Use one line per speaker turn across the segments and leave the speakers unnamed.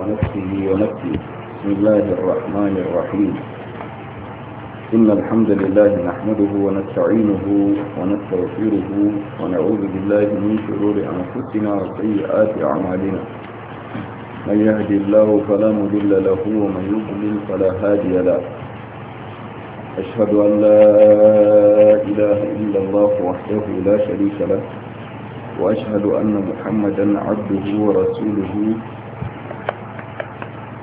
ونفسه ونفسه بسم الله الرحمن الرحيم إن الحمد لله نحمده ونستعينه ونستغفره ونعوذ بالله من شرور أنفسنا وسيئات أعمالنا من يهدي الله فلا مضل له ومن يضلل فلا هادي له أشهد أن لا إله إلا الله وحده لا شريك له وأشهد أن محمدا عبده ورسوله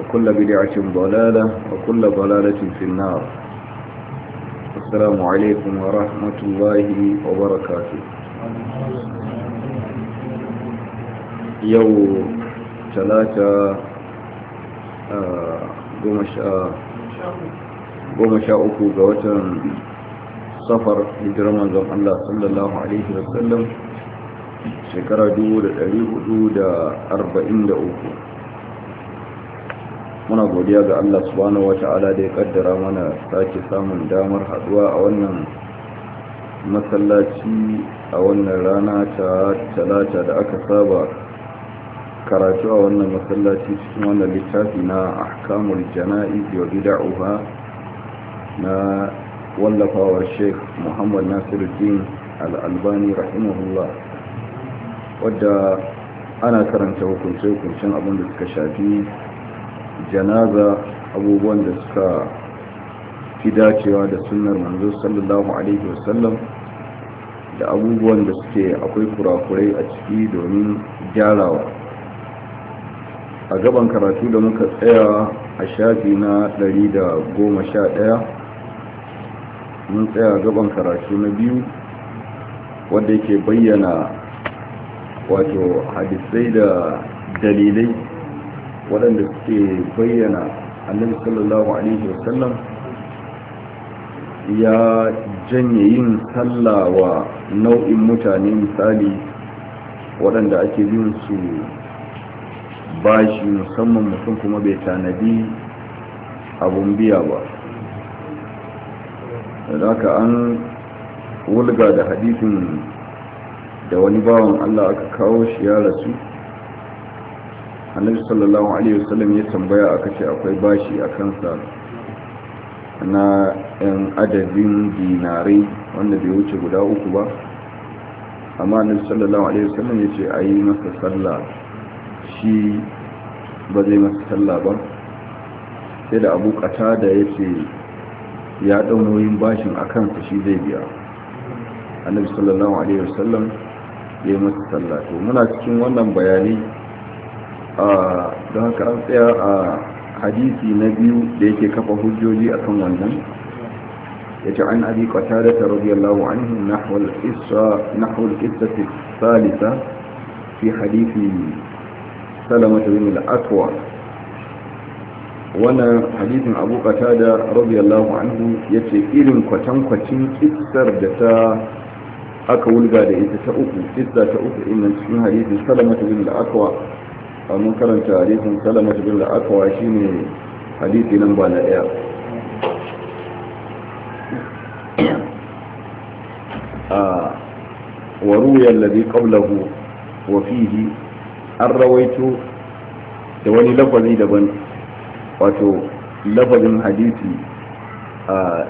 وكل بدعة ضلالة وكل ضلالة في النار السلام عليكم ورحمة الله وبركاته يوم ثلاثة goma sha uku ga watan safar hijirar manzon Allah sallallahu Alaihi wasallam shekara uku. muna godiya ga Allah subhanahu wata'ala da ya kaddara mana sake samun damar haduwa a wannan masallaci a wannan rana ta talata da aka saba karatu a wannan masallaci cikin wannan littafi na ahkamul jana'iz wa bid'aha na wallafawa Sheikh Muhammad Nasiruddin Al-Albani rahimahullah wadda ana karanta hukunce-hukuncen abin da suka shafi janaza abubuwan da suka fi dacewa da sunnar manzo sallallahu alaihi wasallam da abubuwan da suke akwai kurakurai a ciki domin gyarawa a gaban karatu da muka tsaya a shafi na 111 mun tsaya a gaban karatu na biyu wanda yake bayyana wato hadisai da dalilai waɗanda suke bayyana annabi sallallahu alaihi wasallam ya janye yin sallah nau'in mutane misali waɗanda ake yin su bashi musamman mutum kuma bai tanadi abun biya ba da haka an wulga da hadisin da wani bawan allah aka kawo shi ya rasu annabi sallallahu alaihi wasallam ya tambaya aka ce akwai bashi a kansa na yan adadin dinarai wanda bai wuce guda uku ba amma annabi sallallahu alaihi wasallam ya ce a yi masa sallah shi ba zai masa sallah ba sai da abu kata da ya ce ya bashin a kansa shi zai biya annabi sallallahu alaihi wasallam ya yi masa sallah to muna cikin wannan bayanai don haka an tsaya a hadisi na biyu da yake kafa hujjoji a kan wannan ya ce an abi qatada radiyallahu anhu nahwa al-qissa nahwa al-qissati thalitha fi hadisi salama bin al-atwa wannan hadisin abu qatada radiyallahu anhu yace irin kwatankwacin kissar da ta aka wulga da ita ta uku kissa ta uku inna cikin hadisin salama bin al-atwa a mun karanta hadisin salamatu bin la'akawa shi ne hadisi nan ba na ɗaya a waruyar da zai ƙaunahu wa fiye an rawaito da wani lafazi daban wato lafazin hadisi a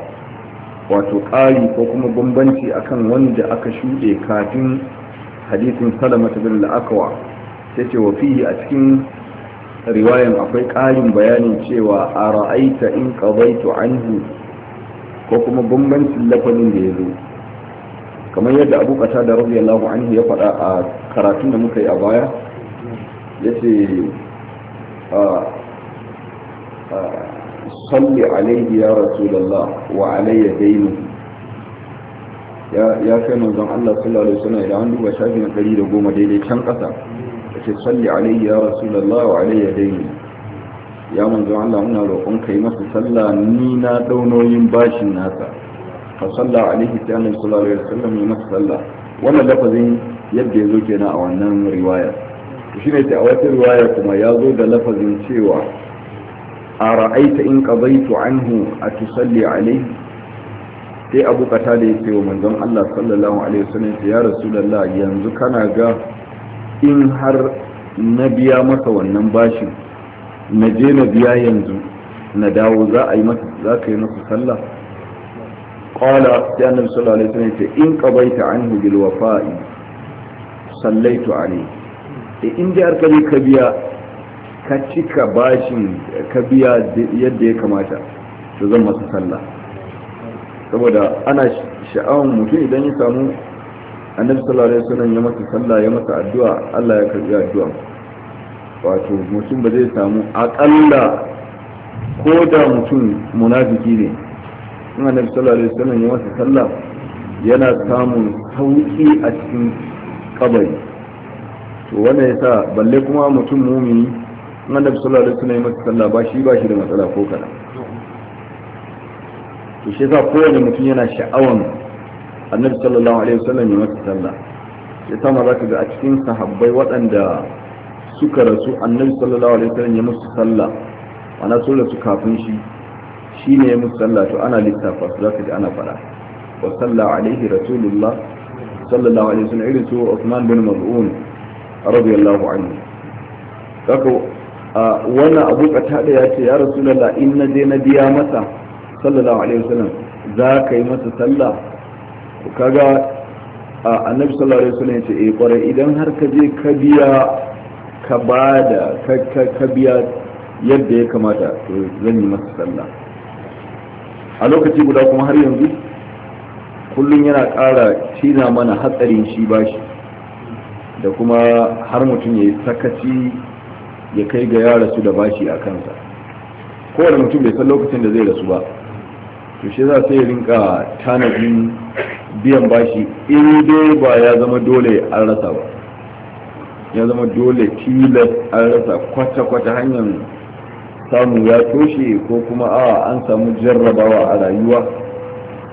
wato ƙari ko kuma bambanci akan wanda aka shuɗe kafin hadisin salamatu bin la'akawa. sai ce wa fihi a cikin riwayan akwai ƙarin bayanin cewa a ra'aita in qadaitu anhu ko kuma bambancin lafalin da ya zo kamar yadda abu kata da radiyallahu anhu ya faɗa a karatun da muka yi a baya ya ce salli alaihi ya rasulallah wa alayya dainu ya kai manzon Allah sallallahu alaihi wasallam idan an duba shafi na 110 daidai can ƙasa ce salli alayhi ya rasulullah wa alayhi dai ya manzo Allah muna roƙon kai masa sallah ni na daunoyin bashin nasa fa salla alayhi ta annabi sallallahu alaihi wasallam ya masa sallah wannan lafazin yadda ya zo kenan a wannan riwaya shi ne ta a wata riwaya kuma ya zo da lafazin cewa a ra'aita in qadaitu anhu atusalli alayhi sai abu kata da ya ce wa manzon Allah sallallahu alaihi wasallam ya rasulullah yanzu kana ga in har na biya masa wannan bashin na je na biya yanzu na dawo za a yi masa za ka yi masa sallah qala sai annabi sallallahu alaihi wasallam in qabaita anhu bil wafa'i sallaitu alayhi eh, in dai har kaje ka biya ka cika bashin ka biya yadda ya kamata to zan masa sallah saboda ana sha'awar mutum idan ya samu annabi sallallahu alaihi wasallam ya masa sallah ya masa addu'a Allah ya karbi addu'a wato mutum ba zai samu akalla ko da mutum munafiki ne in annabi sallallahu alaihi wasallam ya masa sallah yana samun sauki a cikin kabari to wannan yasa balle kuma mutum mumini in annabi sallallahu alaihi wasallam ya masa sallah ba shi ba shi da matsala ko kada to shi yasa kowane mutum yana sha'awan annabi sallallahu alaihi wasallam ya masa sallah ya sama za ka ga a cikin sahabbai waɗanda suka rasu annabi sallallahu alaihi wasallam ya musu sallah ana so da su kafin shi shi ne ya musu sallah to ana lissafa su za ka ji ana fara wa sallah alaihi rasulullah sallallahu alaihi wasallam irin su Uthman bin Maz'un radiyallahu anhu kaka wani abu kata da ya ce ya rasulullah in na je na biya masa sallallahu alaihi wasallam za ka yi masa sallah kaga annabi sallallahu alaihi wasallam yace eh kwarai idan har ka je ka biya ka bada ka biya yadda ya kamata to zan yi masa sallah a lokaci guda kuma har yanzu kullum yana ƙara cina mana hatsarin shi bashi da kuma har mutum ya yi sakaci ya kai ga ya rasu da bashi a kansa kowane mutum bai san lokacin da zai rasu ba to shi za sai rinka tanadin biyan bashi in dai ba ya zama dole an rasa ba ya zama dole tilas an rasa kwata-kwata hanyar samu ya toshe ko kuma a an samu jarrabawa a rayuwa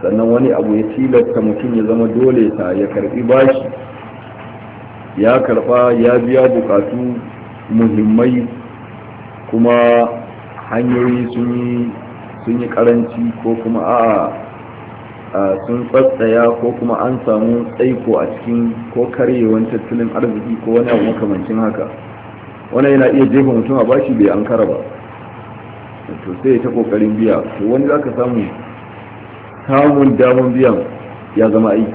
sannan wani abu ya tilasta mutum ya zama dole ta ya karbi bashi ya karba ya biya bukatu muhimmai kuma hanyoyi sun yi sun yi karanci ko kuma a sun tsatsaya ko kuma an samu tsaiko a cikin ko karyewan tattalin arziki ko wani abu makamancin haka wani yana iya jefa mutum a bashi bai an kara ba to sai ta kokarin biya to wani za ka samu samun damun biyan ya zama aiki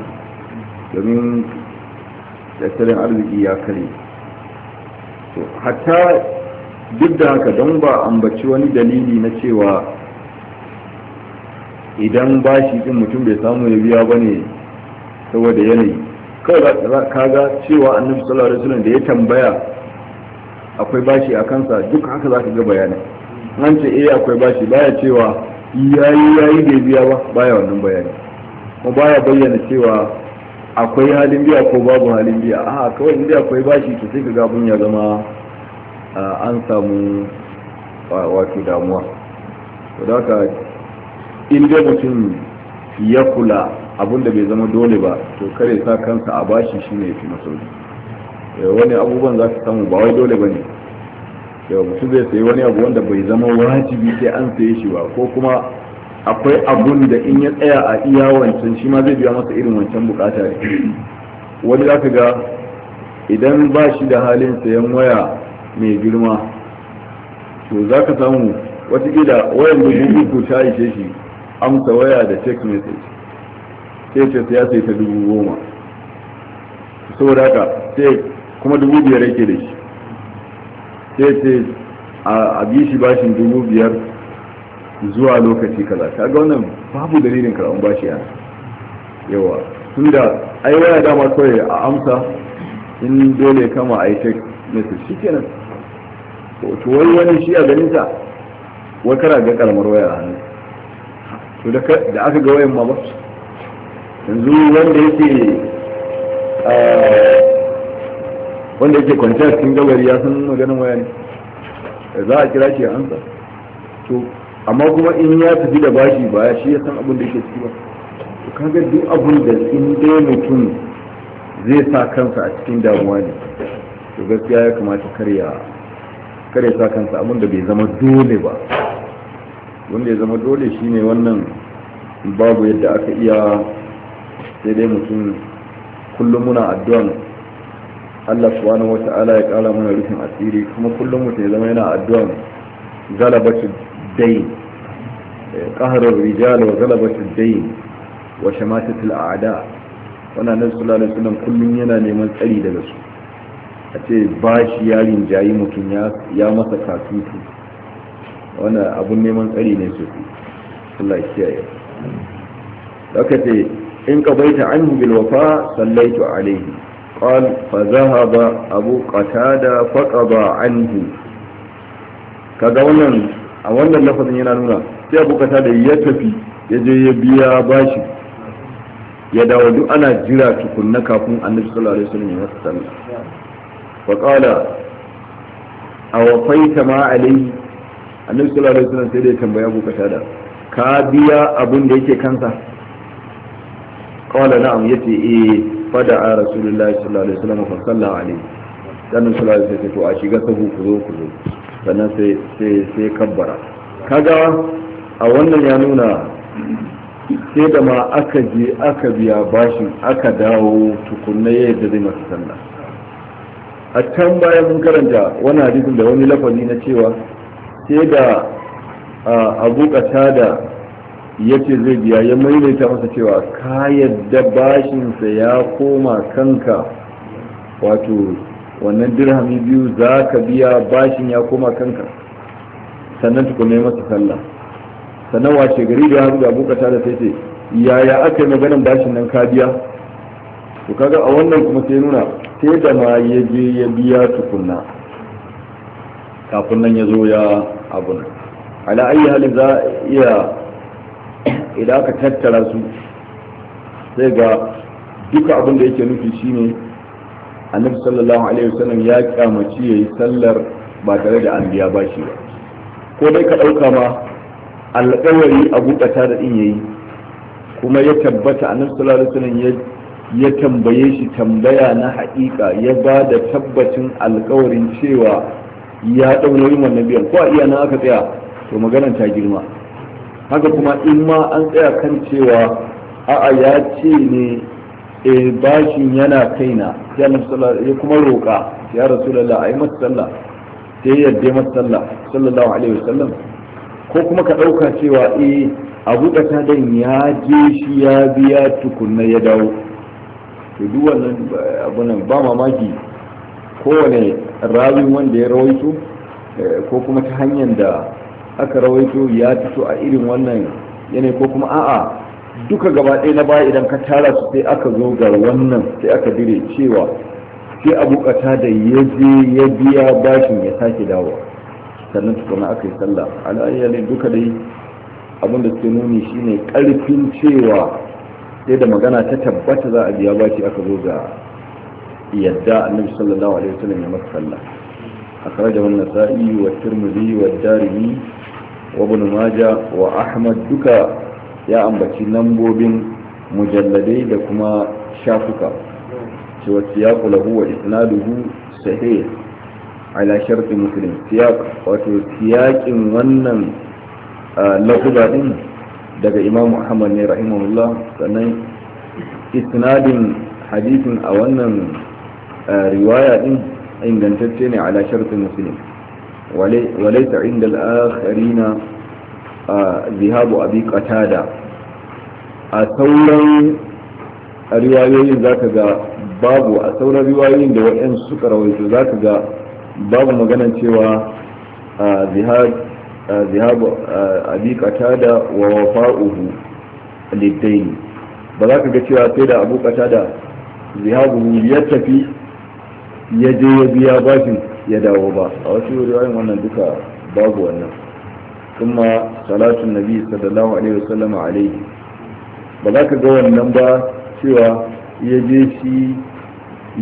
domin tattalin arziki ya kare hatta duk da haka don ba ambaci wani dalili na cewa idan bashi din mutum bai samu ya biya bane saboda yanayi kawai kaga cewa annabi sallallahu alaihi wasallam da ya tambaya akwai bashi a kansa duk haka ka ga bayanin an ce eh akwai bashi baya cewa yayi yayi bai biya ba baya wannan bayani ba baya bayyana cewa akwai halin biya ko babu halin biya a kawai inda akwai bashi to sai ka ga ya zama ah, an samu ah, wato damuwa to da in dai mutum ya kula abun da bai zama dole ba to kare sa kansa a bashi shi shine fi masauki eh, wani abubuwan za ka samu ba wai dole ba ne yau mutum zai sayi wani abu wanda bai zama wajibi sai an saye shi ba ko kuma akwai abun da in ya tsaya a iya wancan shi ma zai biya masa irin wancan bukata ne wani za ka ga idan ba shi da halin sayan waya mai girma to za ka samu watakila wayan da ta ishe shi amsa waya da check message sai ce ya sai ta dubu goma saboda haka sai kuma dubu biyar yake da shi sai ce a bi shi bashin dubu biyar zuwa lokaci kaza kaga wannan babu dalilin karɓar bashi yana yawa tunda ai waya dama kawai a amsa in dole kama a yi check message shikenan to wai wani shi a ganin sa wai ga kalmar waya a hannun to da aka ga wayan mama yanzu wanda yake ah, wanda yake kwanciya cikin gabari ya san maganin waya ne za a kira shi ya ansa to amma kuma in ya tafi da bashi ba shi ya san abin da yake ciki ba to kaga duk abin da in dai mutum zai sa kansa a cikin damuwa ne to gaskiya ya kamata karya ya sa kansa abin da bai zama dole ba wanda ya zama dole shine wannan babu yadda aka iya sai dai mutum kullum muna addu'an Allah subhanahu wata'ala ya kara mana rufin asiri kuma kullum mutum ya zama yana addu'an galabatu dai eh, qahrar rijal wa galabatu dai wa shamatatul a'ada wana nan sallallahu alaihi kullum yana neman tsari daga su a ce bashi yarin jayi mutum ya masa katutu wani abun neman tsari ne su Allah kiyaye aka ce in ka qabaita anhu bil wafa sallaitu alayhi qal fa zahaba abu qatada fa qaba anhu kaga wannan a wannan lafazin yana nuna sai abu qatada ya tafi ya je ya biya bashi ya dawo duk ana jira tukunna kafin annabi sallallahu alaihi wasallam ya masa sallah fa qala awafaita ma alayhi annabi sallallahu alaihi wasallam sai da ya tambaya abu qatada ka biya abun da yake kansa qala na'am yace eh fada a rasulullahi sallallahu alaihi wasallam fa sallallahu alaihi sannan sallallahu alaihi wasallam to a shiga sahu ku zo ku zo sannan sai sai sai kabbara kaga a wannan ya nuna sai da ma aka je aka biya bashin aka dawo tukunna ya yadda zai masa sallah a can baya mun karanta wani hadisin da wani lafazi na cewa sai da abu da ya ce zai biya ya maimaita masa cewa ka yadda bashinsa ya koma kanka wato wannan dirhami biyu za ka biya bashin ya koma kanka sannan tukunai masa sallah sannan wace gari da haru da bukata da sai ce yaya aka yi maganin bashin nan ka biya to kaga a wannan kuma sai nuna sai da ma ya ya biya tukunna kafin nan ya zo ya abun ala ayi halin za iya idan aka tattara su sai ga duka abin da yake nufi shine annabi sallallahu alaihi wasallam ya kyamaci yayi sallar ba tare da an ba shi ba ko dai ka ɗauka ma alƙawari a ta da din yayi kuma ya tabbata annabi sallallahu alaihi wasallam ya ya tambaye shi tambaya na haƙiƙa ya ba da tabbacin alƙawarin cewa ya ɗau nauyin wannan biyan ko a iya nan aka tsaya to maganan ta girma haka kuma in ma an tsaya kan cewa a'a ya ce ne e bashin yana kaina ya ya kuma roƙa ya rasulullah ai masa sallah yi yadda masu sallah sallallahu alaihi wasallam ko kuma ka ɗauka cewa e abu ta dan ya je shi ya biya tukunna ya dawo to duk wannan eh, ba mamaki kowane rawin wanda ya rawaito eh, ko kuma ta hanyar da aka rawaito ya fito a irin wannan yanayi ko kuma a'a duka gaba ɗaya na baya idan ka tara su sai aka zo ga wannan sai aka dire cewa sai a bukata da ya je ya biya bashin ya sake dawo sannan tukuna aka yi sallah ne duka dai abin da suke nuni shine karfin cewa sai da magana ta tabbata za a biya bashi aka zo ga yadda annabi sallallahu alaihi wasallam ya masa sallah akraja wan nasa'i wa tirmidhi wa darimi wa ibn wa ahmad duka ya ambaci lambobin mujalladai da kuma shafuka cewa siyaqu lahu wa isnaduhu sahih ala sharti muslim siyaq wato siyaqin wannan lafuza din daga imam muhammad ne rahimahullah sannan isnadin hadisi a wannan riwaya din ingantacce ne ala shartin muslim walaita inda na zihabu abi qatada a sauran riwayoyin zaka ga babu a sauran riwayoyin da wa'yan suka rawaito ka ga babu maganan cewa zihabu abi qatada wa wafa'uhu liddaini ba za ka ga cewa sai da abu qatada zihabu ya tafi ya je ya biya bashin ya dawo ba a wasu riwayoyin wannan duka babu wannan kuma salatun nabi sallallahu alaihi wasallam alaihi ba za ka ga wannan ba cewa ya je shi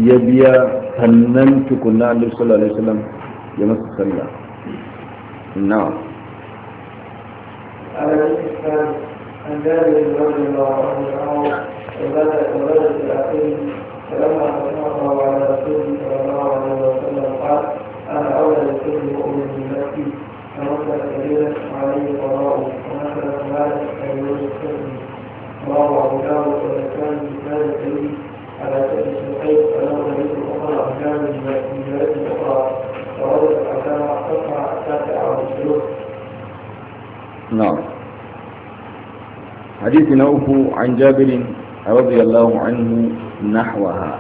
ya biya sannan tukunna annabi sallallahu alaihi wasallam ya masa sallah na'am
عن جابر رضي الله عنه وبدأ وبدأ في فلما سمع الله على رسوله صلى الله عليه وسلم قال انا اولى لكل مؤمن من نفسي فمثل كبيرا عليه قضاؤه ومثل مالا فليوز حكمه رواه ابو داود والاسلام بكتاب الكريم على سبيل الشيخين فله حديث اخرى احكام من جهات اخرى ووضع الاحكام التسعه التاسعه والعشرون
نعم حديثنا أوفو عن جابر رضي الله عنه نحوها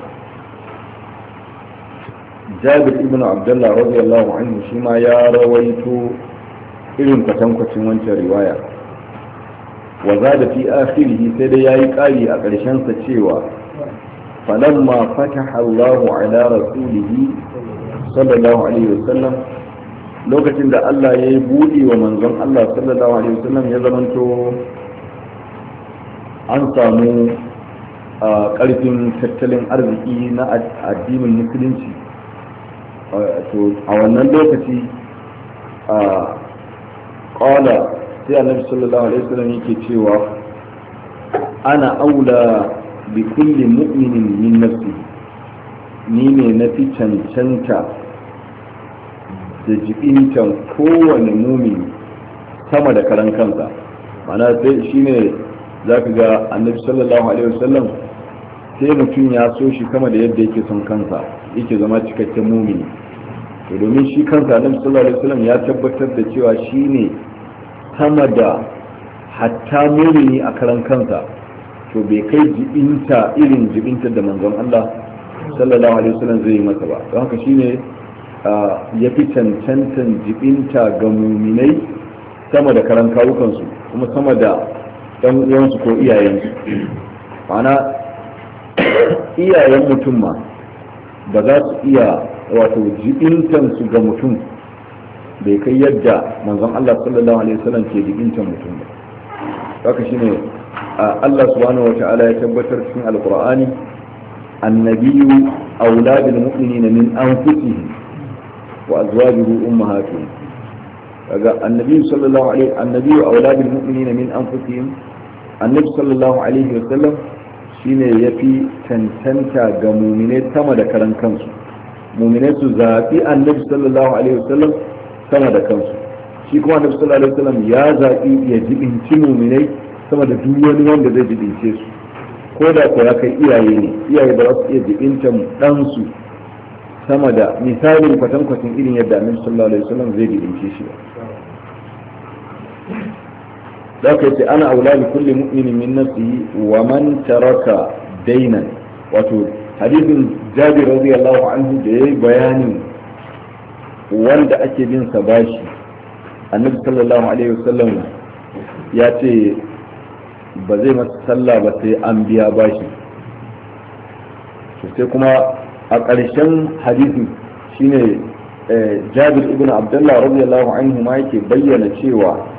جابر ابن shima ya rawaito الله عنه شما irin kwatankwacin wancan riwaya wa za da fi asirihi sai dai ya yi ƙari a ƙarshensa cewa falon ma fata hallahu ala rasulihi sallallahu alaihi lokacin da allah ya yi wa manzon allah sallallahu alaihi ya zamanto an samu karfin tattalin arziki na addinin musulunci a wannan lokaci a kola sai annabi sallallahu alaihi wasallam yake cewa ana aula bi kulli mu'minin min nafsi ni ne na fi cancanta da jibintan kowane mumin sama da karan kansa mana sai shine ka ga annabi sallallahu alaihi wasallam sai mutum ya so shi kama da yadda yake son kansa yake zama cikakken mumini to domin shi kansa nan sallallahu alaihi wasallam ya tabbatar da cewa shi ne sama da hatta mumini a karan kansa to bai kai jibinta irin jibinta da manzon Allah sallallahu alaihi wasallam zai yi masa ba don haka shine ya fi cancantan jibinta ga muminai sama da karan kawukansu kuma sama da ɗan uwansu ko iyayensu ma'ana iyayen mutum ma ba za su iya wato jibintan su ga mutum bai kai yadda manzon Allah sallallahu alaihi wasallam ke jibintan mutum ba haka shine Allah subhanahu wata'ala ya tabbatar cikin alqur'ani annabiyyu auladul mu'minina min anfusihim wa azwajuhu ummahatuhum kaga Annabiyu sallallahu alaihi annabi auladul mu'minina min anfusihim annabi sallallahu alaihi wasallam shine fi cancanta ga mumine sama da karan kansu mumine su zaɓi annabi sallallahu alaihi wasallam sama da kansu shi kuma annabi sallallahu alaihi wasallam ya zaɓi ya jibinci mumine sama da duk wani wanda zai jibince su ko da ko ya kai iyaye ne iyaye ba za su iya jibinta ɗansu sama da misalin kwatankwacin irin yadda annabi sallallahu alaihi wasallam zai jibince shi ba da ka ce ana aula li kulli mu'minin min nafsihi wa man taraka dainan wato hadisin jabir radiyallahu anhu da yayi bayani wanda ake bin sa bashi annabi sallallahu alaihi wasallam ya ce ba zai masa sallah ba sai an biya bashi sai kuma a ƙarshen hadisi shine eh, jabir ibn abdullah radiyallahu anhu ma yake bayyana cewa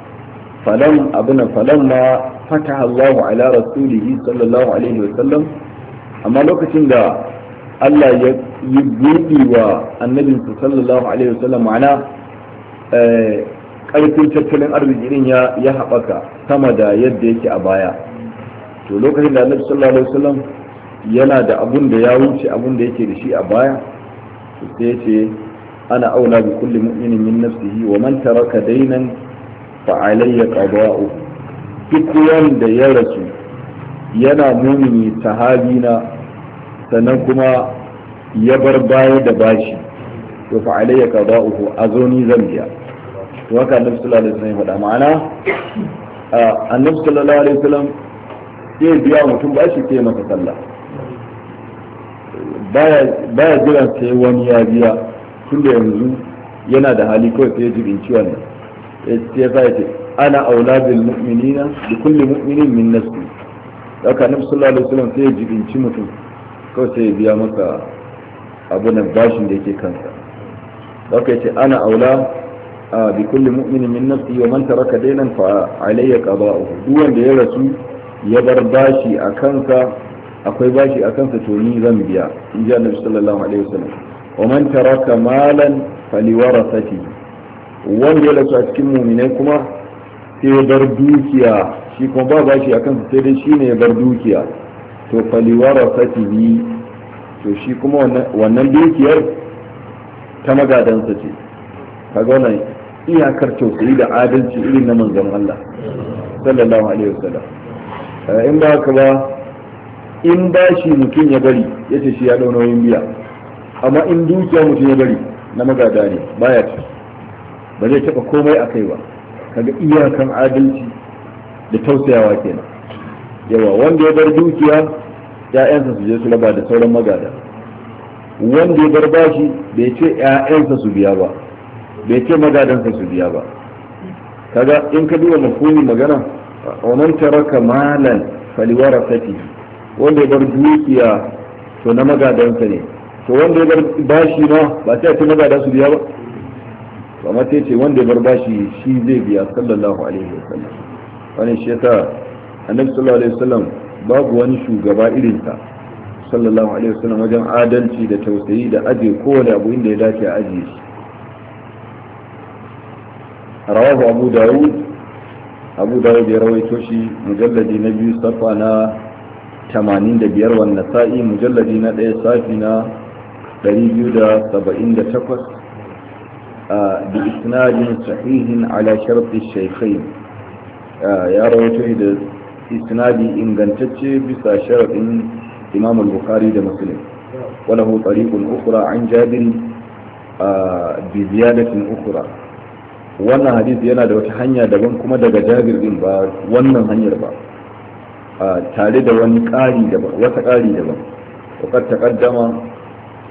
falam abin falam ma fataha Allahu ala rasulihi sallallahu alaihi wa sallam amma lokacin da Allah ya yi buɗi wa annabinsa sallallahu alaihi wa sallam tattalin arzikin ya ya haɓaka sama da yadda yake a baya to lokacin da annabi sallallahu alaihi wasallam yana da abun da ya wuce abun da yake da shi a baya to sai yace ana aula bi kulli mu'minin min nafsihi wa man taraka daynan fa'alayya qada'u duk wanda ya rasu yana mumini sahabina sannan kuma ya bar baya da bashi to fa'alayya qada'uhu azoni zan biya to haka annabi sallallahu alaihi wasallam faɗa ma'ana annabi sallallahu alaihi wasallam sai biya mutum bashi sai masa sallah baya jiran sai wani ya biya tunda yanzu yana da hali kawai sai ya jibinci wannan ya sa ce ana auladul mu'minina da kulli mu'minin min nafsi haka nabi sallallahu alaihi wasallam sai ya jibinci mutum kawai sai ya biya maka abunan bashin da yake kansa haka ya ce ana aula bi kulli mu'minin min nafsi wa man taraka daynan fa alayya qada'uhu duk wanda ya rasu ya bar bashi a kansa akwai bashi a kansa to ni zan biya in ji annabi sallallahu alaihi wasallam wa man taraka malan faliwarasatihi wanda ya rasu a cikin muminai kuma sai ya bar dukiya shi kuma ba bashi a kansa sai dai shi ne ya bar dukiya to faliwara satihi to shi kuma wannan dukiyar ta magadansa ce kaga wannan iyakar tausayi da adalci irin na manzon Allah sallallahu alaihi wasallam eh, in ba haka ba in bashi mutum ya bari ya ce shi ya dau nauyin biya amma in dukiya mutum ya bari na magada ne baya ba zai taɓa komai a kai ba kaga iyakan adalci da tausayawa kenan yawa wanda ya bar dukiya ya'yansa su je su raba da sauran magada wanda ya bar bashi bai ce ya'yansa su biya ba bai ce magadansa su biya ba kaga in ka duba mafhumi magana wannan taraka malan faliwarasati wanda ya bar dukiya to na magadansa ne to wanda ya bar bashi ma ba sai a ce magada su biya ba amma sai ce wanda ya bar bashi shi zai biya sallallahu alaihi wa sallam wani shi yasa annabi sallallahu alaihi wasallam babu wani shugaba irin sa sallallahu alaihi wa sallam wajen adalci da tausayi da aje kowane abu inda ya dace a aje shi rawahu abu dawud abu dawud ya rawaito shi mujalladi na biyu safa na 85 wannan sa'i mujalladi na ɗaya safi na 278 بإسناد صحيح على شرط الشيخين يا رويته إسناد إن قنتتش بسا شرط إمام البخاري ده مسلم وله طريق أخرى عن جابر بزيادة أخرى wannan hadisi yana da wata hanya daban kuma daga jabir din ba wannan hanyar ba tare da wani ƙari daban wata ƙari daban ta تقدم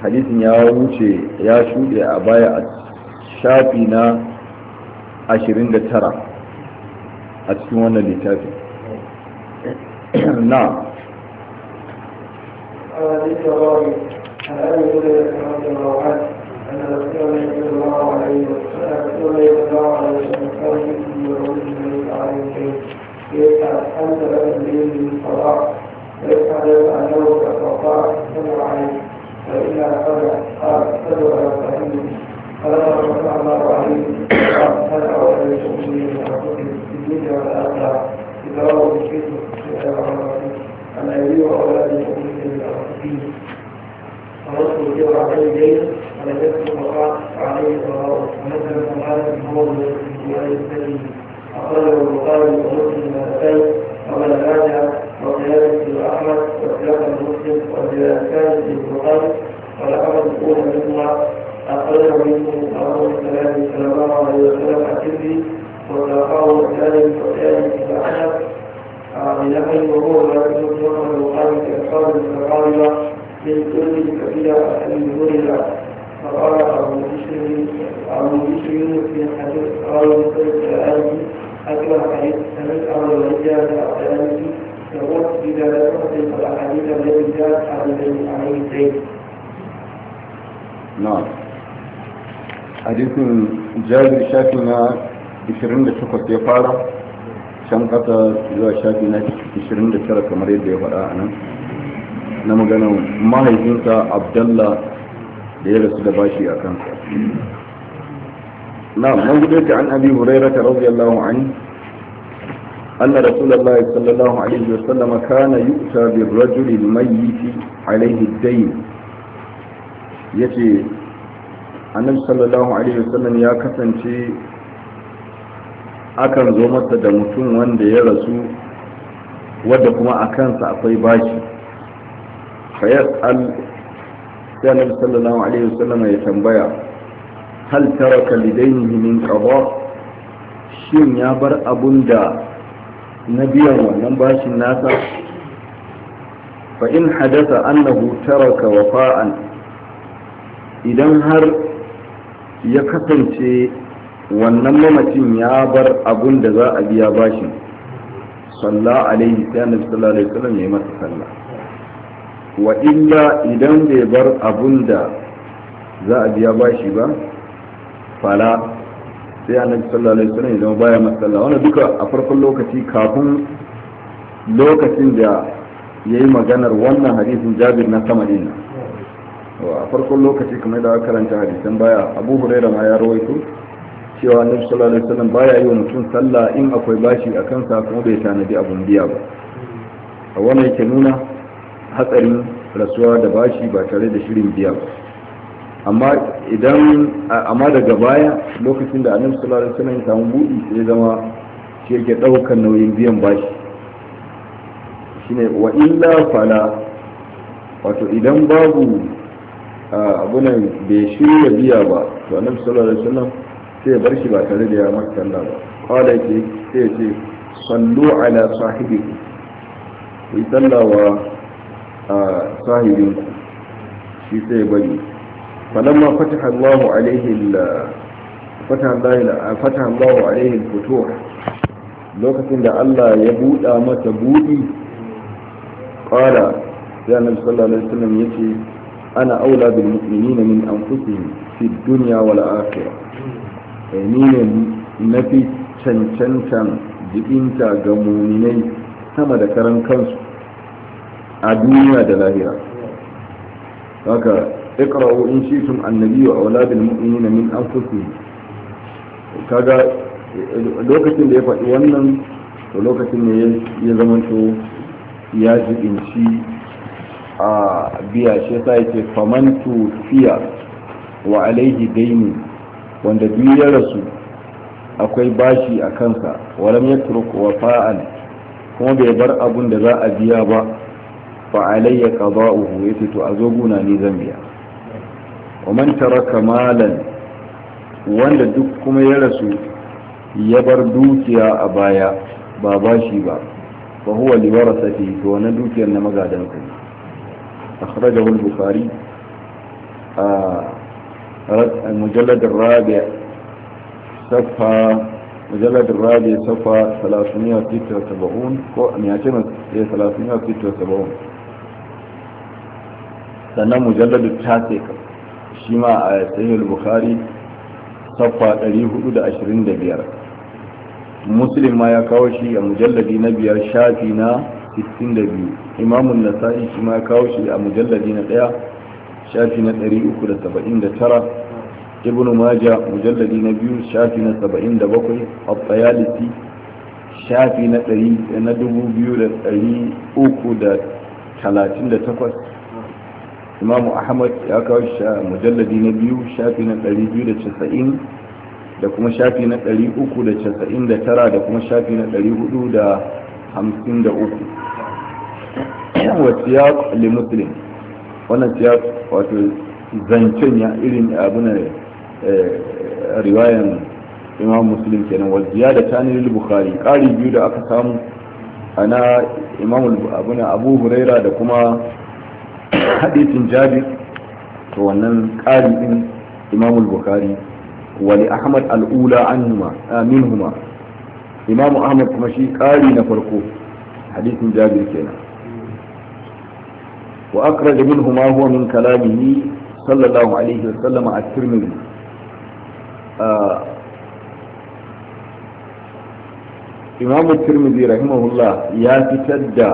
hadisin ya wuce ya shuɗe a baya a shafi na 29 a cikin wannan littafi na
يسعد أنت لك الليل من صلاة ويسعد لك أنه كفطاء سمع عليك فإلا قد أعتذر فإني فلما رسول الله عليه هذا أول المؤمنين من أنفسهم في الدنيا والآخرة إدراء بالفتنة أن أبي وأولاد المؤمنين من أنفسهم فرسل جبر عليه ليلا ولجدت وقعت عليه الغرار ونزل سبحانه هو في آية الثانية أخرجه البخاري ومسلم هاتين ومن ماجه وقيادة الأحمد وسياق المسلم وزيادتان للبخاري والأمر الأولى منهما أقل من أول الكلام صلى الله عليه وسلم أتبي وتلقاه الثالث والثالث فأحد لكن الظهور لا يجوز يوم القيامة كأصحاب المتقاربة من كل كبيرة أن يولد فقال أبو بشر أبو بشر يونس بن حديث قال بقلت الآية أكبر حديث سمعت أبو الرجال الآية فقلت إذا لا تحدث الأحاديث التي جاءت عن النبي عليه السلام
نعم hadisin jari shafi na 28 ya fara can kasa zuwa shafi na 29 kamar yadda ya faɗa a nan na maganar mahaifinsa abdallah da ya rasu da bashi a kan na nan gudu ta an abi hurairata radiyallahu anhu أن رسول الله صلى الله عليه وسلم كان يؤتى بالرجل الميت عليه الدين يتي annabi sallallahu alaihi wasallam ya kasance akan zo masa da mutum wanda ya rasu wadda kuma a kansa akwai bashi fayas al sanar sallallahu alaihi wasallam ya tambaya hal taraka lidainihi min qada shin ya bar abun da na biyan wannan bashin nasa fa in hadatha annahu taraka wafa'an idan har ya kasance wannan mamacin ya bar abun da za a biya bashin salla alaihi sai sallallahu alaihi wasallam ya masa sallah wa illa idan bai bar abun da za a biya bashi ba fala sai annabi sallallahu alaihi wasallam ya zama baya masa sallah wannan duka a farkon lokaci kafin lokacin da yayi maganar wannan hadisin Jabir na sama dinnan a farkon lokaci kamar da aka karanta hadisan baya abu huraira ma ya rawaito cewa annabi sallallahu alaihi wasallam baya yi wa mutum sallah in akwai bashi a kansa kuma bai tanadi abun biya ba a wannan yake nuna hatsarin rasuwa da bashi ba tare da shirin biya ba amma idan amma daga baya lokacin da annabi sallallahu alaihi wasallam ya samu buɗi sai zama shi yake ɗaukar nauyin biyan bashi shine wa illa fala wato idan babu abunan bai shirya biya ba to annabi sallallahu alaihi wasallam sai bar shi ba tare da ya maka Allah ba qala ke sai ce sallu ala sahibikum ku sallawa a sahibinku shi sai bari falamma fataha Allah alaihi fataha Allah alaihi al lokacin da Allah ya buɗa mata buɗi qala sai annabi sallallahu alaihi wasallam yace ana aula bil mu'minina min anfusihim fi dunya wal akhirah ni ne nafi cancantan jibinta ga muminai sama da karan kansu a duniya da lahira haka ikra'u in shi'tum annabiyyu auladul mu'minina min anfusihim kaga lokacin da ya faɗi wannan to lokacin ne ya zama to ya jibinci a biya shi yasa yake famantu fiya wa alaihi daini wanda duk ya rasu akwai bashi a kansa walam ya turku fa'an kuma bai bar abun da za a biya ba fa alayya qada'uhu yace to a guna ni zan biya wa man taraka malan wanda duk kuma ya rasu ya bar dukiya a baya ba bashi ba fa huwa liwarasati to wannan dukiyar na magadan أخرجه البخاري المجلد الرابع صفحة مجلد الرابع صفحة 376 مئتين 376 sannan mujallar tasiq shi ma a sahih al-bukhari صفحة 425 muslim ma ya kawo shi a mujalladi na biyar shafi na 62 imamun nasa'i shi ma kawo shi a mujalladi na daya shafi na 379 ibnu maja mujalladi na biyu shafi na 77 tayalisi shafi na 2338 imamu ahmad ya kawo shi a mujalladi na biyu shafi na 290 da kuma shafi na 399 da kuma shafi na 400 hamsin da uku wa siyaq li muslim wannan siyaq wato zancen ya irin abuna eh, riwayan imam muslim kenan wa ziyada ta ne bukhari ƙari biyu da aka samu ana imam abuna abu huraira da kuma hadisin jabir to wannan ƙari din imam bukhari wa li ahmad al-ula anhuma ah, minhuma imamu ahmad kuma shi kari na farko hadisin jabir kenan wa akhraj minhu ma huwa min kalamihi sallallahu alaihi wa sallam at-tirmidhi ah, imam at-tirmidhi rahimahullah ya fitar da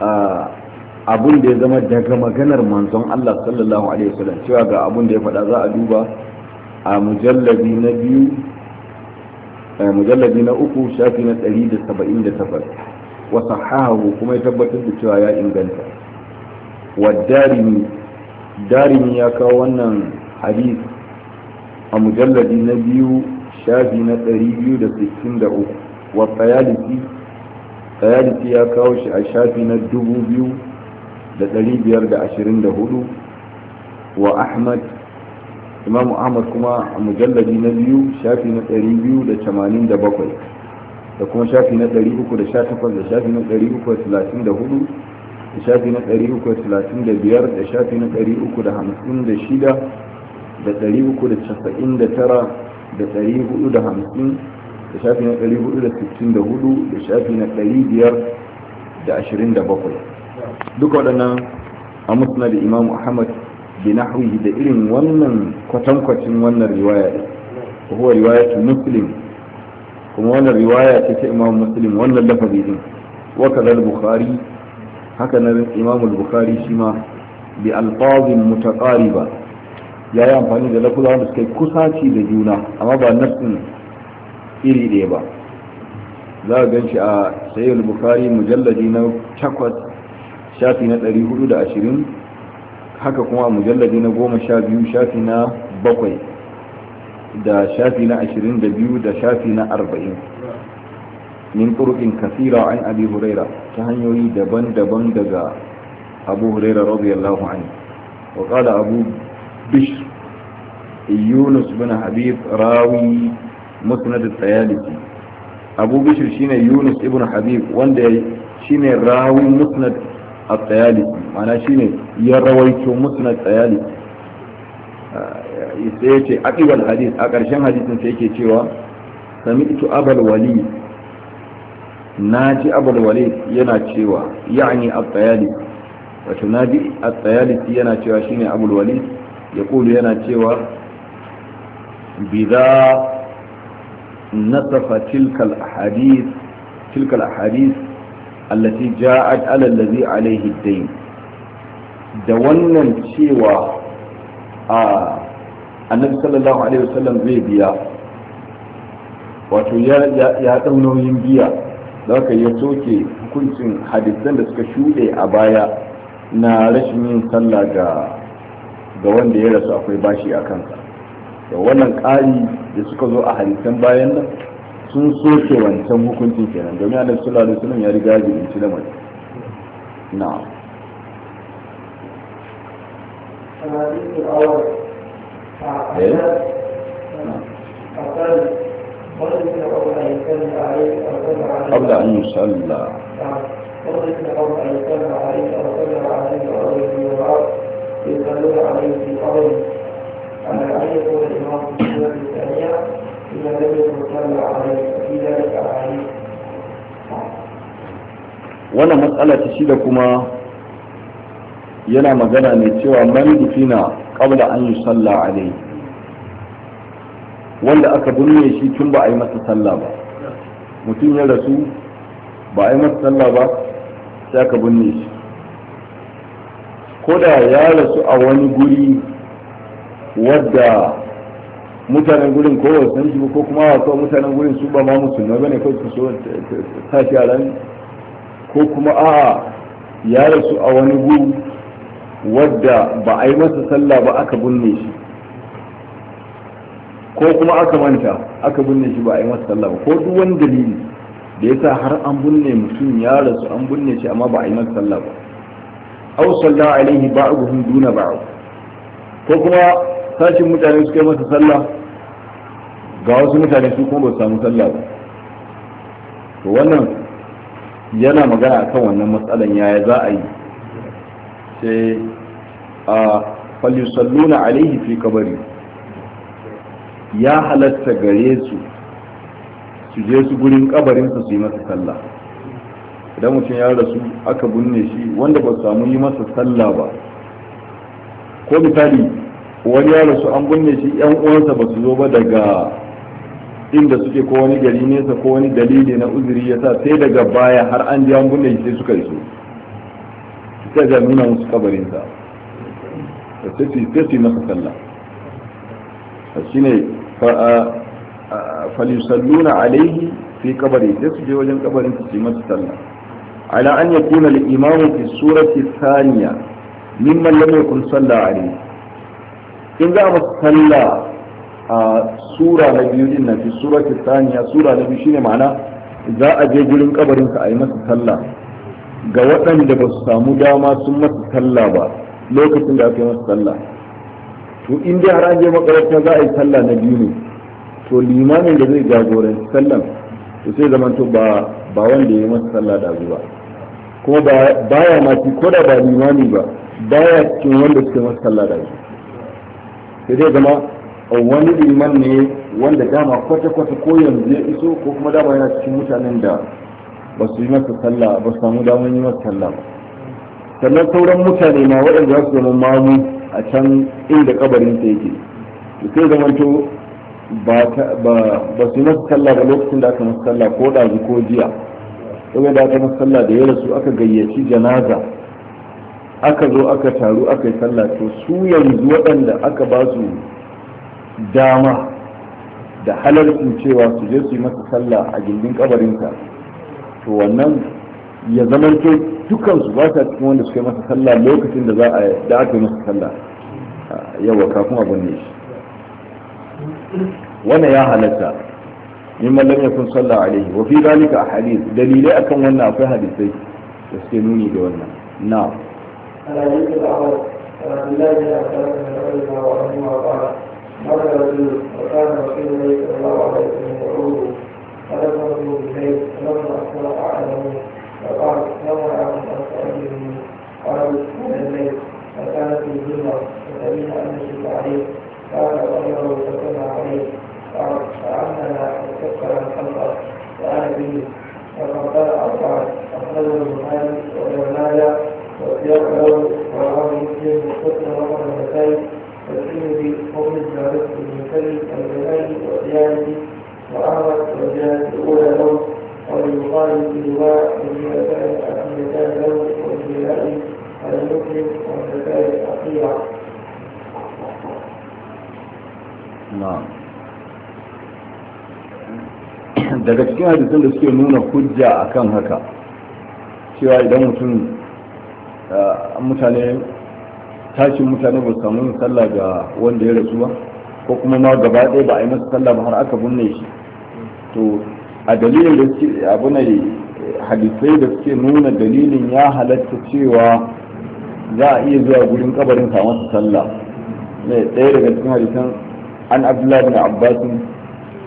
ah, abun da ya zama daga maganar manzon Allah sallallahu alaihi wa sallam cewa ga abun da ya faɗa za a duba a mujallabi na biyu mujalladi na uku shafi na 178 wa sahahu kuma ya tabbatar da cewa ya inganta wa darimi ya kawo wannan hadis a mujalladi na biyu shafi na 263 wa tsayalisi tsayalisi ya kawo shi a shafi na 2524 wa ahmad imamu ahmad kuma a mujalladi na biyu shafi na 287 da kuma shafi na 318 da shafi na 334 da shafi na 335 da shafi na 356 da 399 da 450 da shafi na 464 da shafi na 527 duka waɗannan a musna da imamu ahmad binahwihi da irin wannan kwatankwacin wannan riwaya ko huwa riwayatu muslim kuma wannan riwaya ce ta imam muslim wannan lafazi din wa kadal bukhari haka nan imam al-bukhari shi ma bi alfazin mutaqariba ya yi amfani da lafuza wanda suka kusaci da juna amma ba nafsin iri ɗaya ba za a gan shi a sayyid bukhari mujalladi na takwas shafi na hudu da 420 haka kuma mujalladi na goma sha biyu shafi na bakwai da shafi na ashirin da biyu da shafi na arba'in min turukin kasira an abi huraira ta hanyoyi daban-daban daga abu huraira radiyallahu anhu wa qala abu bishr yunus bin habib rawi musnad at-tayalisi abu bishr shine yunus ibn habib wanda shine rawi musnad at mana ma'ana shine ya rawaito musnad tayalisi sai ya ce aqibal hadis a ƙarshen hadisin sai yake cewa sami'tu abal wali na ji abal wali yana cewa ya'ni at-tayalisi wato naji at-tayalisi yana cewa shine abal wali ya yaqulu yana cewa bidha nasafa tilkal hadis tilkal hadis. allati ja'at ala allazi alayhi dayn da wannan cewa a annabi sallallahu alaihi wasallam zai biya wato ya ɗau nauyin biya da haka ya soke hukuncin hadisan da suka shuɗe a baya na rashin yin sallah ga ga wanda ya rasu akwai bashi a kansa da wannan ƙari da suka zo a hadisan bayan nan sun soke wancan hukunci kenan domin annabi sallallahu alaihi wasallam ya riga ya jibinci lamarin na'am
eh قبل أن يصلى يصلون عليه في قبره على أن يكون الإمام في الثانية
wannan matsala ta shida kuma yana magana ne cewa man dufina kabla an yi a alai wanda aka binne shi tun ba a yi masa sallah ba mutum ya rasu ba a yi masa sallah ba sai aka binne shi ko da ya rasu a wani guri wadda mutanen gurin ko wasu san shi ko kuma wasu mutanen gurin su ba ma musulmai bane kai su so ta shi a ko kuma a ya rasu a wani gu wadda ba a yi masa sallah ba aka binne shi ko kuma aka manta aka binne shi ba a yi masa sallah ba ko duk wani dalili da yasa har an binne mutum ya rasu an binne shi amma ba a yi masa sallah ba aw sallallahu alaihi ba'dhum duna ba'd ko kuma sashin mutane suka masa sallah ga wasu mutane su kuma ba samu sallah ba to wannan yana magana kan wannan matsalan yaya za a yi sai a falyusalluna alaihi fi kabari ya halatta gare su su je su gurin kabarinsa su yi masa sallah idan mutum ya rasu aka binne shi wanda ba su samu yi masa sallah ba ko misali wani ya rasu an binne shi yan uwansa ba su zo ba daga inda suke ko wani gari nesa ko wani dalili na uzuri ya sa sai daga baya har an ji an binne shi sai suka iso suka ga nuna musu sa da sai su masa sallah shi ne falisalluna alaihi fi kabari sai su je wajen kabarin su yi masa sallah ala an yakuna al-imamu fi surati thaniya mimman lam yakun salla alaihi in za mu salla a sura na biyu din na fi sura saniya sura na biyu shine ma'ana za a je gurin kabarin a yi masa sallah ga waɗanda ba su samu dama sun masa sallah ba lokacin da aka yi masa sallah to in dai har an je makarantar za a yi sallah na biyu ne to limamin da zai jagoranci sallan to sai zaman to ba ba wanda ya masa sallah da ba kuma baya ma ko da ba limami ba baya cikin wanda suke masa sallah da sai zai zama eh, wani liman ne wanda dama kwata-kwata ko yanzu ya iso ko kuma dama yana cikin mutanen da ba su yi masa sallah ba su samu damar yi masa sallah ba sannan sauran mutane ma waɗanda za su zama mamu a can inda kabarin sa yake sai to ba su yi masa sallah ba lokacin da aka masa sallah ko ɗazu ko jiya saboda aka masa sallah da ya rasu aka gayyaci janaza aka zo aka taru aka yi sallah to su yanzu waɗanda aka ba su dama da halarcin cewa su je su yi masa sallah a gindin kabarinsa to wannan ya zamanto dukansu ba sa cikin wanda suka yi masa sallah lokacin da za a da aka yi masa sallah yawa kafin abin ne shi wannan ya halatta min mallam ya kun sallah alaihi wa fi zalika ahadith dalilai akan wannan akwai hadisai da suke nuni da wannan na'am
فلا يوجد عمل فعن الله بن عباس رضي الله عنهما قال مرة رجل وكان رسول الله صلى الله عليه وسلم فلم فذكره بالليل فلما اصبح اعلمه فقال ما منعكم ان تؤذنوا قالوا من الليل فكانت الجنة فسمعنا ان نشد عليه قال غيره
wanda suke nuna hujja akan haka cewa idan mutum mutane tashin mutane ba samu yin sallah ga wanda ya rasu ba ko kuma ma gaba ɗaya ba a yi masa sallah ba har aka binne shi to a dalilin da suke abu ne hadisai da suke nuna dalilin ya halatta cewa za a iya zuwa gurin kabarin sa masa sallah ne ɗaya daga cikin hadisan an abdullahi bin abbas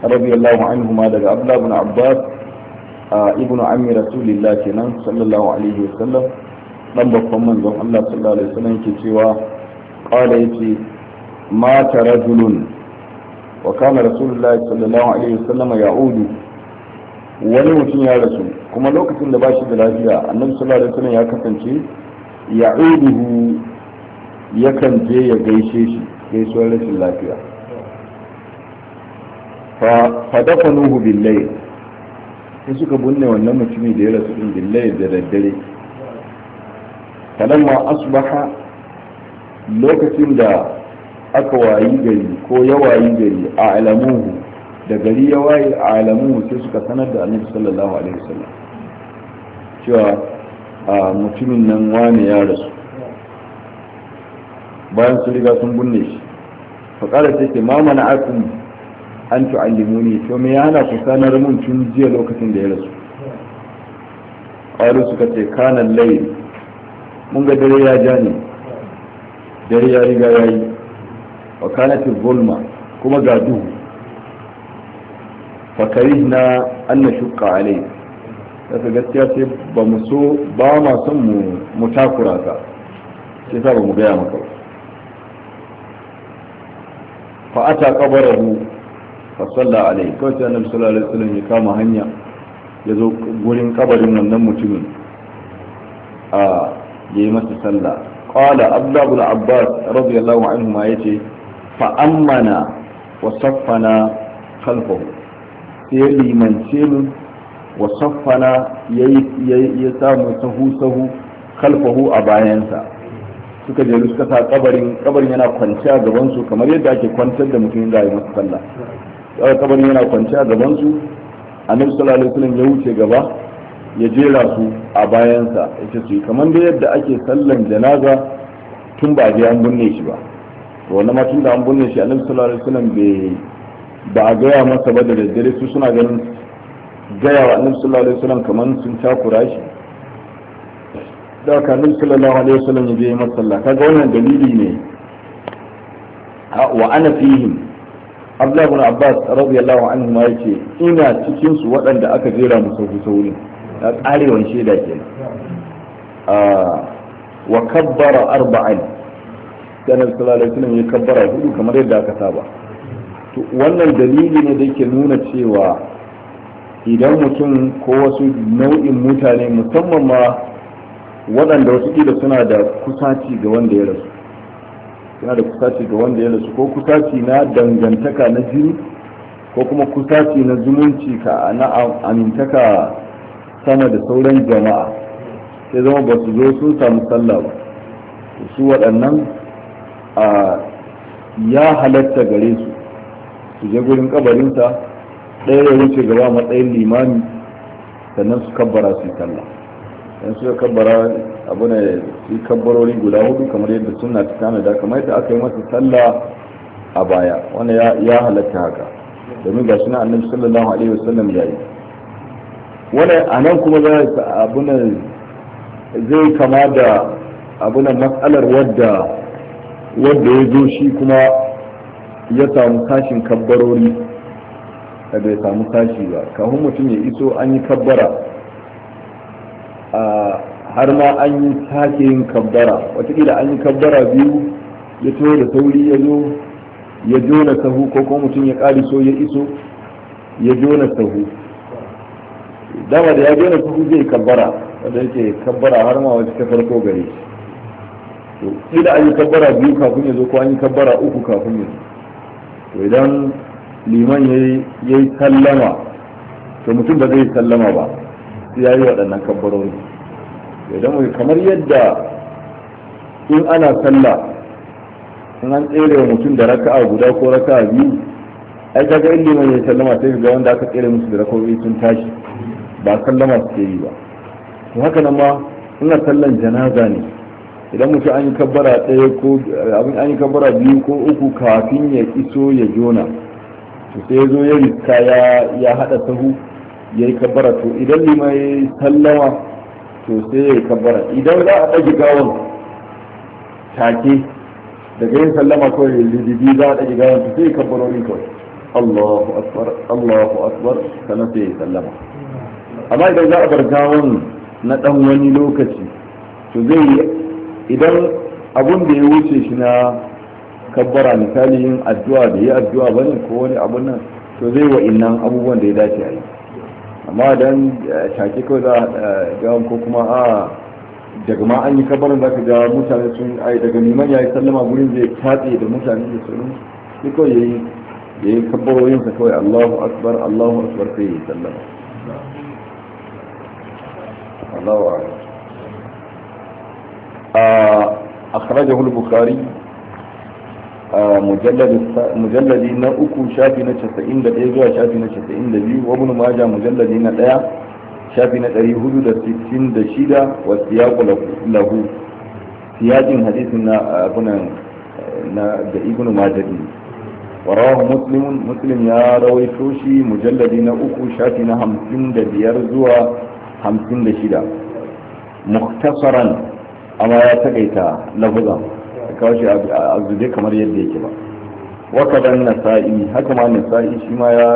radiyallahu anhu ma daga abdullahi bin abbas ibnu ammi rasulillah kenan sallallahu alaihi sallam dan babban manzon Allah sallallahu alaihi sallam yake cewa qala yace mata rajulun wa kana rasulullah sallallahu alaihi wasallam ya'udu wani mutum ya rasu kuma lokacin da bashi da lafiya annabi sallallahu alaihi sallam ya kasance ya'uduhu yakan je ya gaishe shi gaisuwar rashin lafiya fa fadafanuhu bil layl sai suka bunne wannan mutumin da ya rasu din billahi da daddare ma asbaha lokacin da aka wayi gari ko ya wayi gari a alamuhu da gari ya wayi a alamuhu sai suka sanar da annabi sallallahu alaihi wasallam cewa mutumin nan wani ya rasu bayan su riga sun bunne shi faƙarar sai ce ma akun an tu'allimuni to me yana ku sanar mun tun jiya lokacin da ya rasu ƙwaru suka ce kana lai mun ga dare ya ja ne dare ya riga ya yi wa fi volma kuma ga duhu fakari na an na shuka alai kasa gaskiya ce ba mu so ba ma son mu takura ka sai sa ba mu gaya maka fa'ata kabarahu fasalla alai kawai sai annabi sallallahu alaihi wasallam ya kama hanya ya zo gurin kabarin wannan mutumin a ya yi masa sallah qala abdullah ibn abbas radiyallahu anhu ma yace fa ammana wa saffana khalfahu sai ya limance mu wa saffana ya samu sahu sahu khalfahu a bayansa suka je suka sa kabarin kabarin yana kwanciya gaban su kamar yadda ake kwantar da mutum da ya masa sallah kabarin yana kwance a gaban su nan sallallahu alaihi wasallam ya wuce gaba ya jera su a bayansa yace su kamar da yadda ake sallan janaza tun ba a an binne shi ba to wannan ma tun da an binne shi a nan alaihi wasallam ba a gaya masa ba da daddare su suna ganin gaya wa nan sallallahu alaihi wasallam kamar sun takura shi da ka annabi sallallahu alaihi wasallam ya je masa sallah kaga wannan dalili ne wa ana fihim Abdullahi bin Abbas radiyallahu anhu ma yace ina cikin su waɗanda aka jera musu sauki sauri na karewan shaida kenan wa kabbara arba'an sai sallallahu alaihi wasallam ya kabbara hudu kamar yadda aka saba to wannan dalili ne da yake nuna cewa idan mutum ko wasu nau'in mutane musamman ma waɗanda wasu kila suna da kusaci ga wanda ya rasu yana da kusaci ga wanda ya rasu ko kusaci na dangantaka na jini ko kuma kusaci na zumunci ka na amintaka sama da sauran jama'a sai zama ba su zo sun samu sallah ba su waɗannan a ya halatta gare su su je gurin kabarinsa ɗaya ya wuce gaba matsayin limami sannan su kabbara su yi sallah in ya kabbara abu ne yi kabbarori guda hudu kamar yadda suna ta tana da kamar yadda aka yi masa sallah a baya wani ya halatta haka domin ga shi na annabi sallallahu alaihi wasallam yi wani a nan kuma za a abu ne zai kama da abu ne matsalar wadda wadda ya zo shi kuma ya samu kashin kabbarori da bai samu kashi ba kafin mutum ya iso an yi kabbara har ma an yi sake yin kabbara watakila an yi kabbara biyu ya to da sauri ya zo ya jona sahu ko kuma mutum ya so ya iso ya jona sahu dama da ya jona sahu zai kabbara wanda yake kabbara har ma wata kafar farko gare to idan an yi kabbara biyu kafin ya zo ko an yi kabbara uku kafin ya zo to idan liman ya yi sallama to mutum ba zai sallama ba ya yi waɗannan kabbarori idan mu kamar yadda in ana sallah in an tsere mutum da raka'a guda ko raka'a biyu ai kaga inda liman ya sallama sai ga wanda aka tsere musu da raka'a sun tashi ba sallama suke yi ba to haka nan ma ina sallan janaza ne idan mutum an yi kabbara ɗaya ko abin an yi kabbara biyu ko uku kafin ya iso ya jona to sai ya zo ya riska ya haɗa sahu ya yi kabbara to idan lima ya yi sallama to sai ya yi kabbara idan za a ɗage gawon take daga yin sallama ko ya lidibi za a ɗage gawon to sai ya kabbarori kawai Allahu akbar Allahu akbar sannan sai ya yi sallama amma idan za a bar gawon na ɗan wani lokaci to zai yi idan abun da ya wuce shi na kabbara misali yin addu'a da ya addu'a bane ko wani abun nan to zai wa innan abubuwan da ya dace a yi amma don shaƙi eh, kawai za a gawon eh, ko kuma a daga ma an yi kabarin za ka ga mutane sun ai daga neman ya yi sallama gurin zai tatse da mutane da sun shi kawai ya yi ya yi kawai allahu akbar allahu akbar sai ya yi sallama allahu akbar أخرجه ah, البخاري a mujalladi na uku shafi na casa'in da 91 zuwa shafi na casa'in da biyu wabin maja mujalladi na ɗaya shafi na hudu da da sittin shida wa siyaku lahu siyakin hadisin na abunan na da ibn majadi wa rawahu muslim muslim ya rawaito shi mujalladi na uku shafi na hamsin da biyar zuwa hamsin da 56 mukhtasaran amma ya takaita lafuzan kawo shi a zube kamar yadda yake ba waka wakadan nasa'i haka ma nasa'i shi ma ya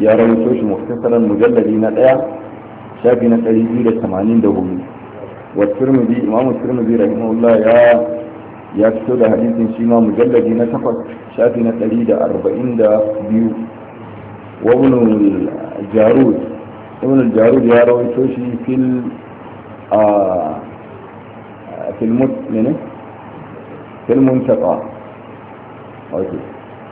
ya rawaito shi muktasaran mujalladi na daya shafi na 284 wa tirmidhi imamu tirmidhi rahimahullah ya ya fito da hadisin shi ma mujalladi na 8 shafi na 142 wa ibn al-jarud ibn al-jarud ya rawaito shi fil a fil mutmin filmuntaƙa wato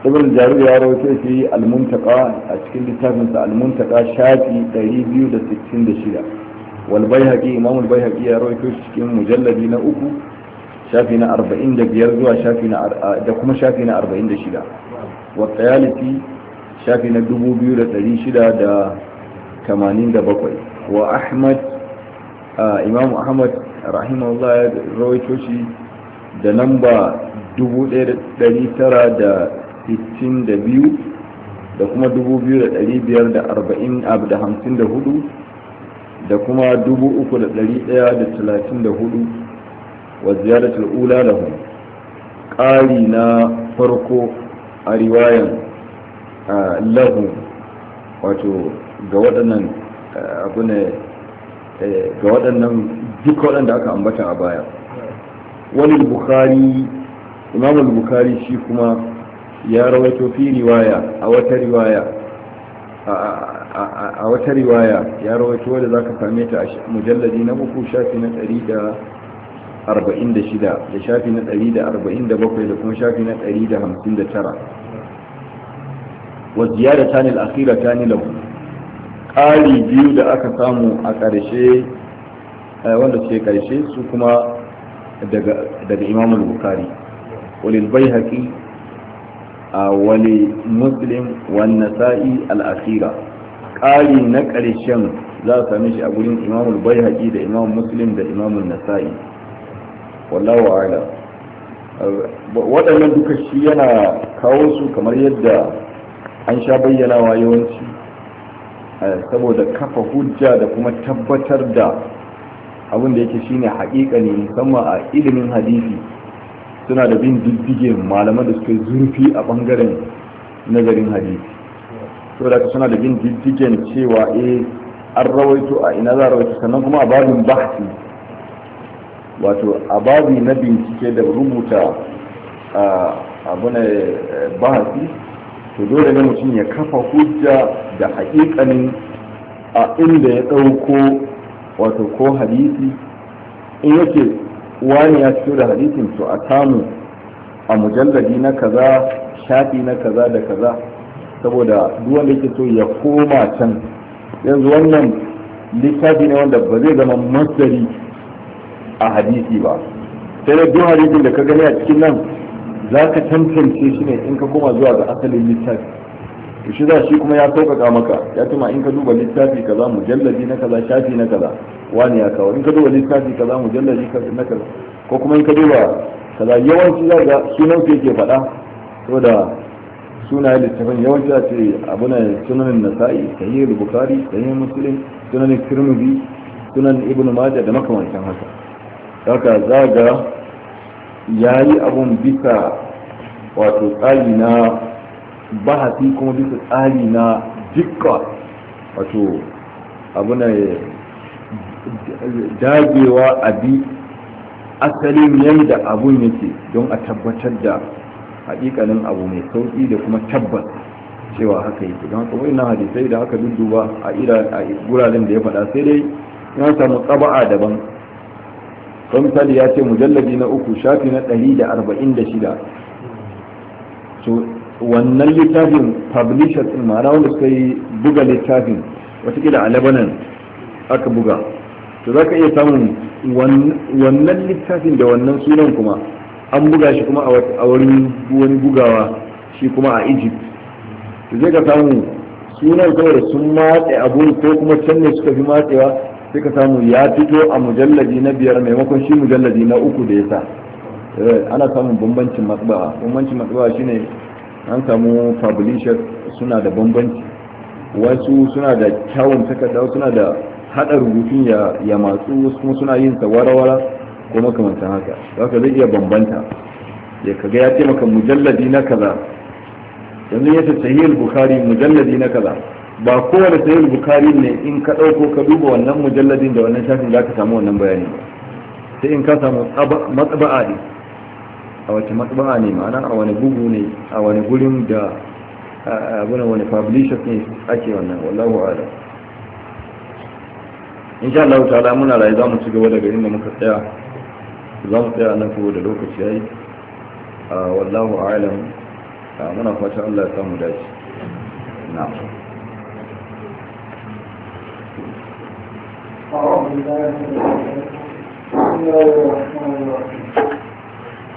ibn jarir ya rawaito shi almuntaka a cikin littafinsa almuntaka shafi 266 walbai baihaqi imam al baihaqi ya rawaito shi cikin mujalladi na uku shafi na 45 zuwa shafi na da kuma shafi na 46 wa tayalisi shafi na 2687 wa ahmad imam ahmad rahimahullah ya rawaito shi da namba 1962 da kuma 2554 ah, da kuma 3134 wa ziyaratul ula lahu ƙari na farko a riwayan ah, lahu wato ga waɗannan ah, abu ne eh, ga waɗannan duk waɗanda aka ambata a baya wani bukari imam bukhari shi kuma ya rawaito fi riwaya a wata riwaya a wata riwaya ya rawaito wadda za ka same ta a mujallari na uku shafi na 146 da shafi na 147 da kuma shafi na 159 wa ziyara ta nil akhira ta nil ƙari biyu da aka samu a ƙarshe eh, wanda ce ƙarshe su kuma daga Imam al-Bukhari walil a wali Muslim wan Nasa'i al-Akhira ƙari na ƙarshen za a same shi a gurin Imam al haƙi da Imam Muslim da Imam an-Nasa'i wallahu ala waɗannan duka shi yana kawo su kamar yadda an sha bayyanawa yawanci eh, saboda kafa hujja da kuma tabbatar da abin da yake shine haƙiƙa ne musamman a ilimin hadisi suna da bin diddige malaman da suke zurfi a bangaren nazarin hadisi to da suna da bin diddigen cewa eh an rawaito a ina za a rawaito sannan kuma a babin bahsi wato a babi na bincike da rubuta a abin bahsi to dole ne mutum ya kafa hujja da haƙiƙanin a inda ya ɗauko wato ko hadisi in yake wani ya fito da hadisin to a samu a mujalladi na kaza shafi na kaza da kaza saboda duk wanda yake so ya koma can yanzu wannan littafi ne wanda ba zai zama masdari a hadisi ba sai da duk hadisin da ka gani a cikin nan za ka tantance shi ne in ka koma zuwa ga asalin littafi to shi za shi kuma ya sauƙaƙa maka ya tuma in ka duba littafi kaza mujalladi na kaza shafi na kaza wani ya kawo in ka duba littafi kaza mujalladi na kaza ko kuma in ka duba kaza yawanci za ga sunan su yake faɗa da sunaye littafin yawanci za ce abu na sunanin nasa'i sahih bukhari sahih muslim sunanin tirmidhi sunan ibn majah da makamancin haka haka za ga yayi abun bisa wato tsari na bahasi kuma bisa tsari na jikka wato abuna dagewa a bi asalin yadda abun yake don a tabbatar da hakikanin abu mai sauki da kuma tabbas cewa haka yake don haka wani hadisai da haka dudduba a guraren da ya faɗa sai dai ya samu tsaba'a daban don misali ya ce mujallabi na uku shafi na 146 so wannan littafin publishers din ma'ana wanda suka yi buga littafin watakila a lebanon aka buga to za ka iya samun wannan littafin da wannan sunan kuma an buga shi kuma a wani wani bugawa shi kuma a egypt to zai ka samu sunan da sun matse abu ko kuma can ne suka fi matsewa sai ka samu ya fito a mujallaji na biyar maimakon shi mujallaji na uku da ya sa eh, ana samun bambancin matsaba bambancin matsaba shine an samu publishers suna da bambanci wasu suna da kyawun takarda suna da hada rubutun ya matsu wasu kuma suna yin sa warawara ko makamantan haka haka zai iya bambanta ya kaga ya ce maka mujalladi na kaza yanzu ya ce sahil bukhari mujalladi na kaza ba kowane sahil bukhari ne in ka dauko ka duba wannan mujalladin da wannan shafin zaka samu wannan bayani ba sai in ka samu matsaba'a ne a wace matsuba'a ne ma'ana a wani bugu ne a wani gurin da abuna wani publishers ne ake wannan wallahu ala in sha Allah ta'ala muna rayu za mu ci gaba daga inda muka tsaya za mu tsaya nan ko da lokaci yayi wallahu alam muna fata Allah ya samu dace na'am
أعوذ بالله من الشيطان الرجيم بسم الله الرحمن الرحيم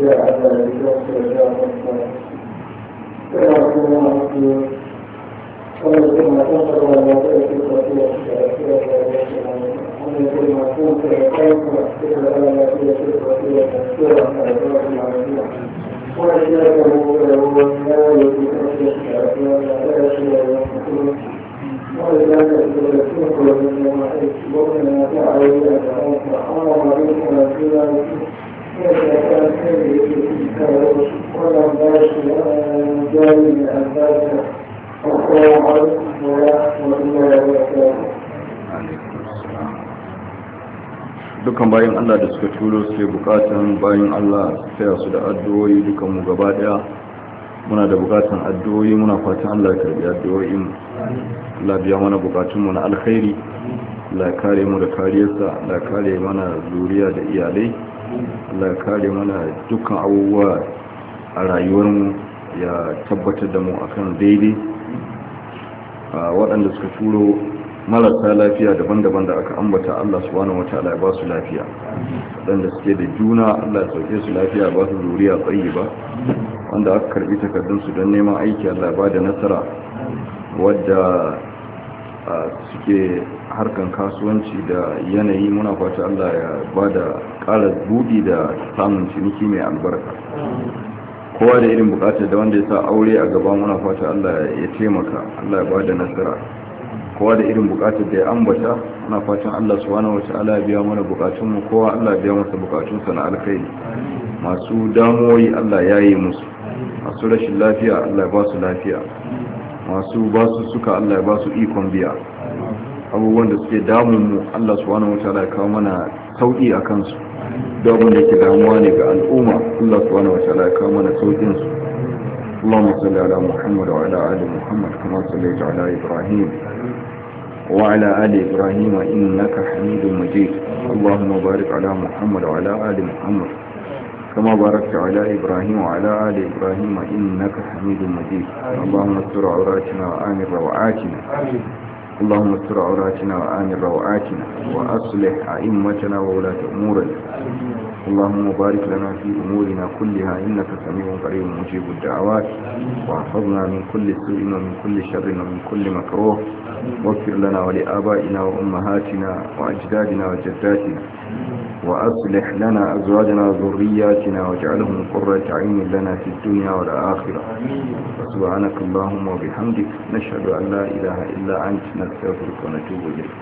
يا أبا الجوف يا رب يا رب المعصير ولكن ما تصل ولا تأتي قصير فأسير وأن يكون معصوم فيكون وأسير ولا تأتي قصير فأسير فأسير معصير وأشياء مغفرة لا يتكفر فأسير ولا تأتي قصير وإذا تذكرت من المعيش ومن يتعلم أنه حرام عليكم فيها dukan
bayan Allah da suka turo suke bukatan bayan Allah taya su da addu'o'i dukan mu gaba daya muna da bukatan addu'o'i muna fatan Allah ya karbi addu'o'in labiya biya mana bukatun mu na alkhairi Allah kare mu da kariyarsa Allah kare mana zuriya da iyalai Allah ya kare mana dukkan abubuwa a rayuwar mu ya tabbatar da mu akan daidai a waɗanda suka turo marasa lafiya daban-daban da aka ambata Allah subhanahu wataala ya ba su lafiya waɗanda suke da juna Allah ya sauke su lafiya ba su zuriya tsayi ba wanda aka karbi takardunsu don neman aiki Allah ba da nasara wadda suke harkan kasuwanci da yanayi muna fata Allah ya ba da ƙara buɗi da samun ciniki mai albarka kowa da irin bukatar da wanda ya sa aure a gaba muna fata Allah ya taimaka Allah ya ba da nasara kowa da irin bukatar da ya ambata muna fatan Allah subhanahu wataala ya biya mana buƙatunmu, kowa Allah ya biya masa buƙatunsa na alkhairi masu damuwoyi Allah ya yi musu masu rashin lafiya Allah ya ba su lafiya masu basu suka Allah ya basu ikon biya abubuwan da suke damun mu Allah wani wata ya kawo mana sauki a kansu da da yake damuwa ne ga al'umma Allah wani wata ya kawo mana saukin su اللهم صل على محمد وعلى آل محمد كما صليت على إبراهيم وعلى آل إبراهيم إنك حميد مجيد اللهم بارك على محمد وعلى آل muhammad. كما باركت على إبراهيم وعلى آل إبراهيم إنك حميد مجيد اللهم استر عوراتنا وآمن روعاتنا اللهم استر عوراتنا وآمن روعاتنا وأصلح أئمتنا وولاة أمورنا اللهم بارك لنا في أمورنا كلها إنك سميع قريب مجيب الدعوات واحفظنا من كل سوء ومن كل شر ومن كل مكروه واغفر لنا ولآبائنا وأمهاتنا وأجدادنا وجداتنا وأصلح لنا أزواجنا وذرياتنا واجعلهم قرة عين لنا في الدنيا والآخرة سبحانك اللهم وبحمدك نشهد أن لا إله إلا أنت نستغفرك ونتوب إليك